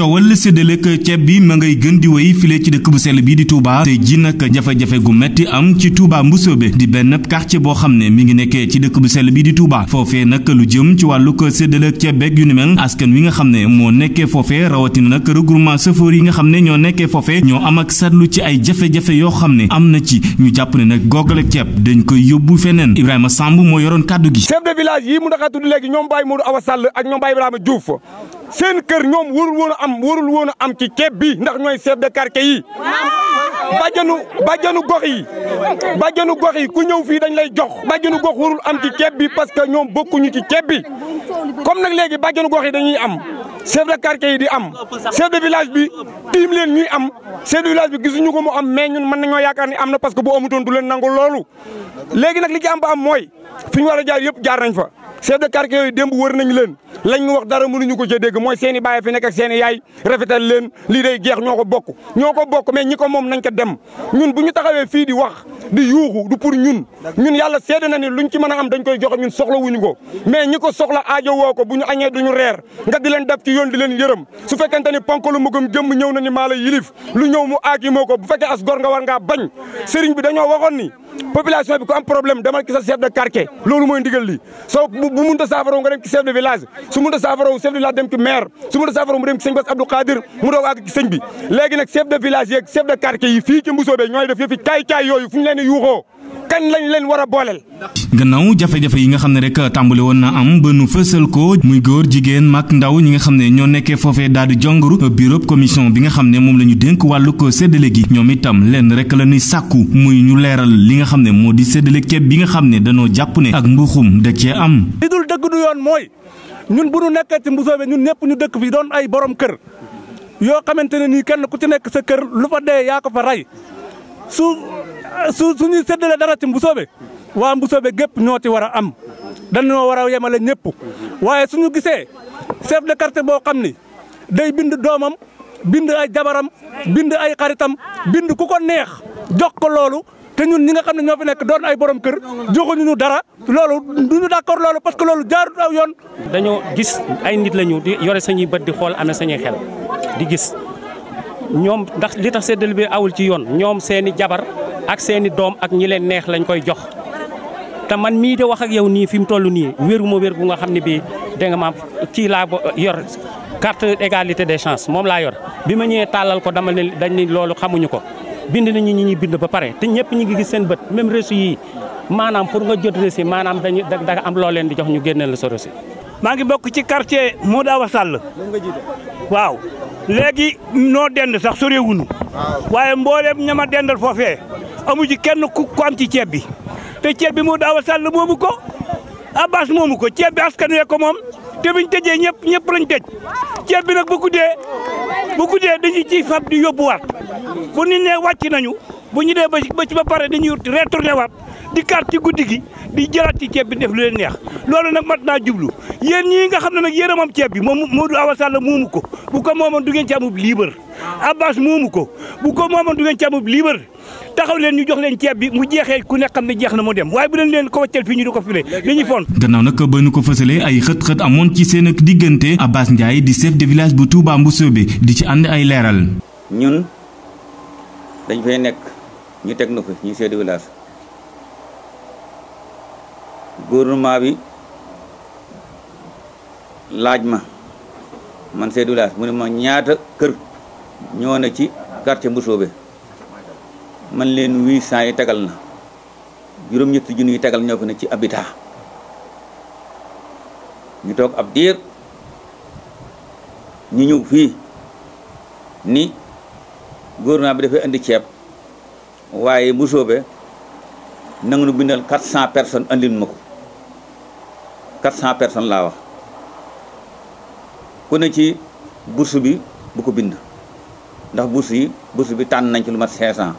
coowal séddalek ceeb bi ma ngay gën di wéy file ci dëkk bu sell bii di Touba te ji nag jafe-jafe gu metti am ci Touba Mbusoobe di benn quartier boo xam ne mi ngi nekkee ci dëkk bu sell bii di Touba foofee nag lu jëm ci wàllug séddalek ceeb beeg yu ni mel askan wi nga xam ne moo nekkee foofee rawatina kër regroupement chauffeur yi nga xam ne ñoo nekkee foofe ñoo am ak seetlu ci ay jafe-jafe yoo xam ne am na ci ñu jàpp ne nag googale ceeb dañ koy yóbbu feneen Ibrahima Samb moo yoroon kàddu gi chef de seeni kër ñoom warul woon a am warul woon a am ci ceeb bi ndax ñooy chef de quartier yi bàjjanu bàjjanu gox yi bàjjanu gox yi ku ñëw fii dañ lay jox bàjjanu gox warul am ci ceeb bi parce que ñoom bokkuñu ci ceeb bi comme nag léegi bàjjanu gox yi dañuy am chef de quartier yi di am chef de village bi tiim leen ñuy am chef de village bi gisuñu ko mu am mais ñun mën nañoo yaakaar ni am na parce que bu amutoon du leen nangu loolu léegi nag li ci am ba am mooy fi ñu war a jaar yëpp jaar nañ fa chef de quartier yooyu démb wër nañ leen lañ ñu wax dara mënuñu ko ca dégg mooy seeni baay fi nekk ak seen i yaay rafetal leen lii day jeex ñoo ko bokk ñoo ko bokk mais ñi ko moom nañ ko dem ñun bu ñu taxawee fii di wax di yuuxu du pour ñun ñun yàlla seede na ni luñ ci am dañ koy joxe ñun soxla wuñu ko mais ñi ko soxla aajo woo ko bu ñu añee duñu reer nga di leen ci yoon di leen yërëm su fekkente ni ponk lu mugum jëmm ñëw na ni maa la yilif lu ñëw mu aagi moo ko bu fekkee as gor nga war ngaa bañ sëriñ bi dañoo waxoon ni population bi ku am problème demal ki sa chef de quartier loolu mooy ndigal li soo bu munta saafaraw nga dem ci chef de village a yuuxoo kan lañ leen war a booleel. gannaaw jafe-jafe yi nga xam ne rek tàmbali woon na am ba nu fësal ko muy góor jigéen mag ndaw ñi nga xam ne ñoo nekkee foofe daal di jongaru bureau commission bi nga xam ne moom la ñu dénk wàllu ko séddale gi ñoom itam lenn rek la ñuy sàkku muy ñu leeral li nga xam ne moo di séddale ceeb bi nga xam ne danoo jàpp ne ak mbuuxum da cee am. li dul dëgg du yoon mooy ñun bu ñu nekkee ci Mbusoobe ñun ñëpp ñu dëkk fi doon ay borom kër ne nii kenn ku ci nekk su suñuy séddale dara ci Mbusoobe waa Mbusoobe gépp ñoo ci war a am dañoo war a yemale ñëpp waaye suñu gisee chef de quartier boo xam ni day bind doomam bind ay jabaram bind ay xaritam bind ku ko neex jox ko loolu te ñun ñi nga xam ne ñoo fi nekk doon ay borom kër joxuñu ñu dara loolu duñu d'accord loolu parce que loolu jaarut aw yoon. dañoo gis ay nit lañu di yore sañuy bët di xool ana sañuy xel di gis ñoom ndax li tax séddale bi awul ci yoon ñoom seeni jabar. ak seeni doom ak ñi leen neex lañ koy jox te man mii de wax ak yow nii fi mu toll nii wéruma wér bu nga xam ne bii dégg nga maam kii laa yor carte égalité de chance moom laa yor bi ma ñëwee tàllal ko dama ne dañ ni loolu xamuñu ko bind nañu ñi ñuy bind ba pare te ñëpp ñi ngi gis seen bët même reçu yi maanaam pour nga jot reçu maanaam dañu da am loo leen di jox ñu génneel la sa reçu. maa ngi bokk ci quartier Modou Awa Sall. waaw. léegi noo dend sax sorewunu waaye mbooleem ñama dendal foofee amu ci kenn ku ko am ci ceeb bi te ceeb bi moo daaw sàll moomu ko abbas moomu ko ceeb bi askan wee ko moom te biñ tëjee ñëpp ñëpp lañ tëj ceeb bi nag bu guddee bu guddee dañu ciy fab di yóbbuwaat bu nit nee wàcc nañu bu ñu dee ba ci ba pare dañuy retourné waat di kaat ci guddi gi di jëlaat ci ceeb bi def lu neex loolu nag mat naa jublu yéen ñii nga xam ne nag yéen moom ceeb bi moom Modou Awa Sall moomu ko bu ko moomoon du ngeen ci amub liibar Abbas moomu ko bu ko moomoon du ngeen ci amub liibar taxaw leen ñu jox leen ceeb bi mu jeexee ku ne xam ne jeex na mu dem waaye bu leen leen ko wàccal fii ñu di ko file dañuy fon gannaaw nag ba ñu ko fësalee ay xët-xët amoon ci seen diggante Abbas Ndiaye di chef de village bu Touba bi di ci ànd ay leeral ñun dañ fay nekk ñu teg na ko ñu chef de village gouvernement bi laaj ma man Seydou Lass mu ne ma ñaata kër ñoo na ci quartier Mbusoobe man leen 800 yi tegal na juróom-ñetti junni yi tegal ñoo ko ne ci habitat ñu toog ab diir ñu ñëw fii ni góor gouvernement bi dafay indi ceeb waaye Mbusoobe nangu nu bindal 400 personnes andil ma ko 400 personnes laa wax ku ne ci bourse bi bu ko bind ndax bourse yi bourse bi tànn nañ ci lu mat 500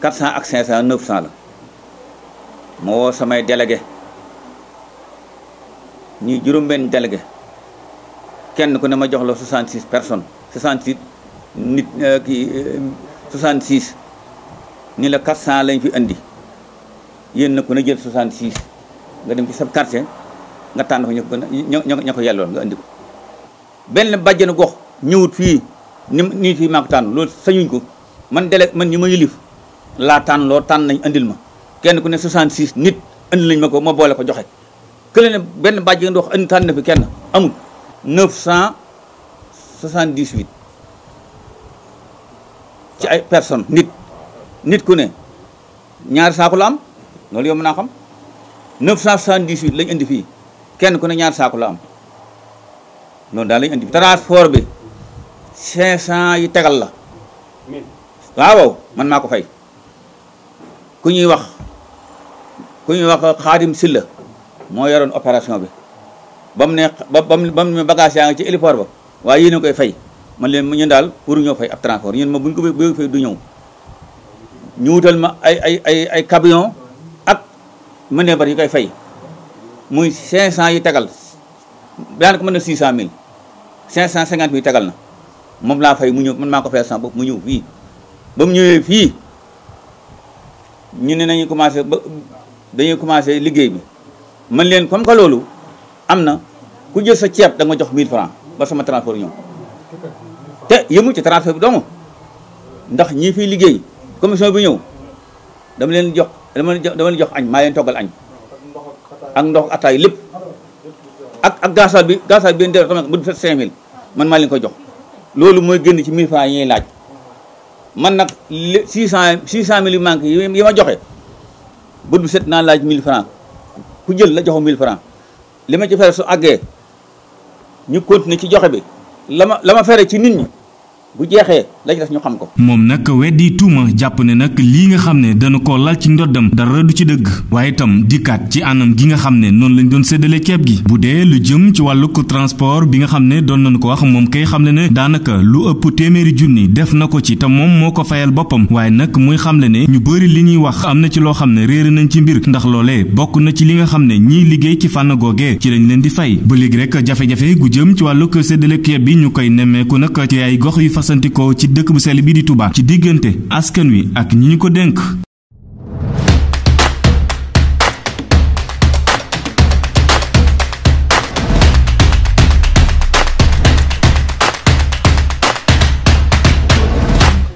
400 ak 500 900 la ma woo samay délégué ñuy juróom-benn délégué kenn ku ne ma jox la 66 personnes 66 nit euh, kii 66 euh, ni la 400 lañ fi indi yéen na ku ne jël 66 nga dem ci sa se nga tànn fa ñu ko ña ko yelloon nga indi ko. benn bàjjenu gox ñëwut fii ni nii fii maa ko loolu sañuñ ko man dele man ñi ma yilif laa tànn loo tànn nañ andil ma kenn ku ne 66 nit andi nañ ma ko ma boole ko joxe kële ne benn bàjjenu gox andi tànn na fi kenn amul 978 ci ay personnes nit nit ku ne ñaari saako la am loolu yomb naa xam 978 lañ indi fii kenn ku ne ñaari saako la am noonu daal lañu indi transport bi 500 yi tegal la waaw man maa ko fay ku ñuy wax ku ñuy wax xaadim silla moo yoroon opération bi ba mu ne ba ba mu ne bagage yaa ngi ci héliport ba waaye yéen a koy fay ma leen ñun daal pour ñoo fay ab transport ñun ma bu buñ ko bëgg fay du ñëw ñu wutal ma ay ay ay ay camion ak manœuvre yi koy fay muy 500 yi tegal daanaka mën na 600000. 550 bi tagal na moom laa fay mu ñëw man maa ko fayal sama bopp mu ñëw fii ba mu ñëwee fii ñu ne nañu commencé ba dañuy commencé liggéey bi man leen comme que loolu am na ku jël sa ceeb da nga jox 1000 francs ba sama transport ñëw te yëmul ci transport bi dong ndax ñii fi liggéey commission bi ñëw dama leen jox dama leen jox añ maa leen toggal añ ak ndox ataay lépp ak ak gaasal bi gaasal bi def tamit bu du fet cinq man maa leen ko jox loolu mooy génn ci mille francs yi laaj man nag li six cent six cent mille yu manqué yi ma joxe bët bu set naa laaj mill francs ku jël la joxo mille francs li ma ci fere su àggee ñu continuer ci joxe bi la ma la ma fere ci nit ñi moom nag weddi tuuma jàpp ne nag lii nga xam ne dana ko lal ci ndoddam dara du ci dëgg waaye itam dikkaat ci anam gi nga xam ne noonu lañ doon séddale ceeb gi bu dee lu jëm ci wàllu transport bi nga xam ne doon nañ ko wax moom kay xam le ne daanaka lu ëpp téeméeri junni def na ko ci te moom moo ko fayal boppam waaye nag muy xam le ne ñu bëri li ñuy wax am na ci loo xam ne réer nañ ci mbir ndax loolee bokk na ci li nga xam ne ñii liggéey ci fànn googee ci lañ leen di fay ba léegi rek jafe gu jëm ci wàllu séddale bi ñu koy nemmeeku nag fasantikoo ci dëkk bu sell bi di Touba ci diggante askan wi ak ñi ñu ko dénk